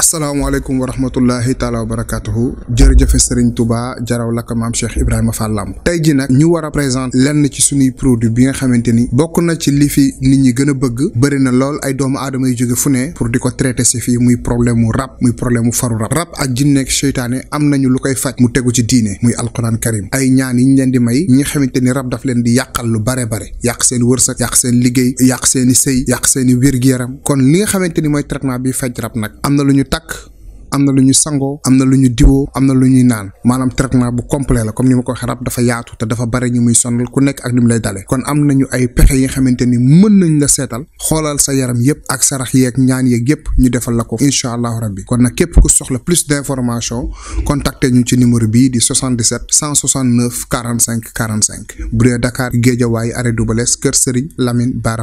asalaamaaleykum wa rahmatullahi taala wa barakatuhu jërëjëfe Serigne Touba jaraw laka maam Cheikh Ibrahima Fall Lamb tey ji nag ñu war a présenter lenn ci suñuy produit bi nga xamante ni bokk na ci li fi nit ñi gën a bëgg bëri na lool ay doomu aadama yu jóge fu ne pour di ko traité si fii muy problème mu rab muy problème mu faru rab rab ak jinneeg seytaane am nañu lu koy faj mu tegu ci diine muy alquran karim ay ñaan yi ñu leen di may ñi nga xamante ni rab daf leen di yàqal lu bare bare yàq seen wërsëg yàq seen liggéey yàq seen i sëy yàq seen i wér yaram kon li nga xamante ni mooy traitement bi faj rab nag am na lu ñu takk am na lu ñu sangoo am na lu ñu diwoo am na lu ñuy naan maanaam traitement bu complet la comme ni ma ko waxee rab dafa yaatu te dafa bare ñu muy sonal ku nekk ak ni mu lay dalee kon am nañu ay pexe yi nga xamante ni mën nañ la seetal xoolal sa yaram yëpp ak sarax yeeg ñaan yeeg yëpp ñu defal la ko incha allahu rabbi kon nag képp ku soxla plus d' information contacté ñu ci numéro bii di 77 169 45 45 bu dee Dakar Géejawaay arrêt Dubalès Kër Serigne Lamine Bara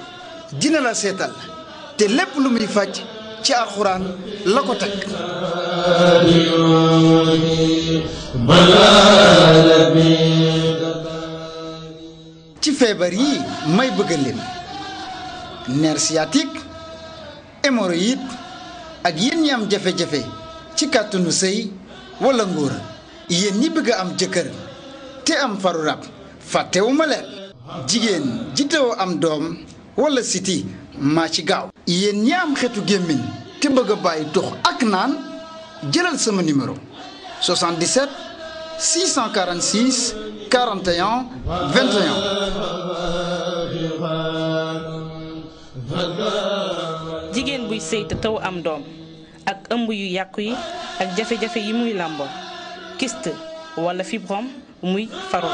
dina la seetal te lépp lu muy faj ci axuraan la ko teg ci feebar yi may bëgga lim nerf sciatique hémorroïde ak yéen ñi am jafe-jafe ci kàttanu sëy wala ngóor yéen ñi bëgg a am jëkkër te am faru rab fàttewuma leen jigéen ji teewoo am doom wala siti maa ci gaaw yéen ñi am xeetu gémmiñ te bëgg a bàyyi tux ak naan jëlal sama numéro 77 646 41 21 jigéen buy sëy te taw am doom ak ëmb yu yàqu yi ak jafe-jafe yi muy làmboo kyste wala fibrome muy faru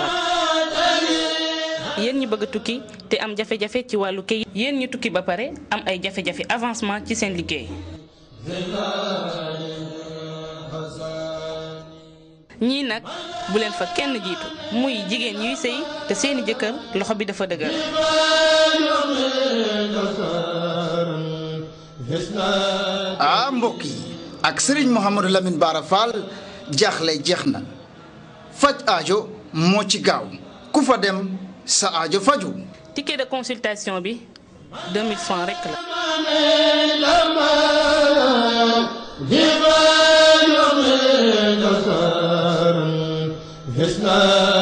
yéen ñi bëgg tukki te am jafe-jafe ci wàllu kayit yéen ñi tukki ba pare am ay jafe-jafe avancement ci seen liggéey. ñii nag bu leen fa kenn jiitu muy jigéen yuy sëy te seeni jëkkër loxo bi dafa dëgër. ah mbokk yi ak Serigne Mouhamadou Lamine Bara Fall jaaxle jeex na faj aajo moo ci gaaw ku fa dem. sa aja faju ticket de consultation bi 2000 francs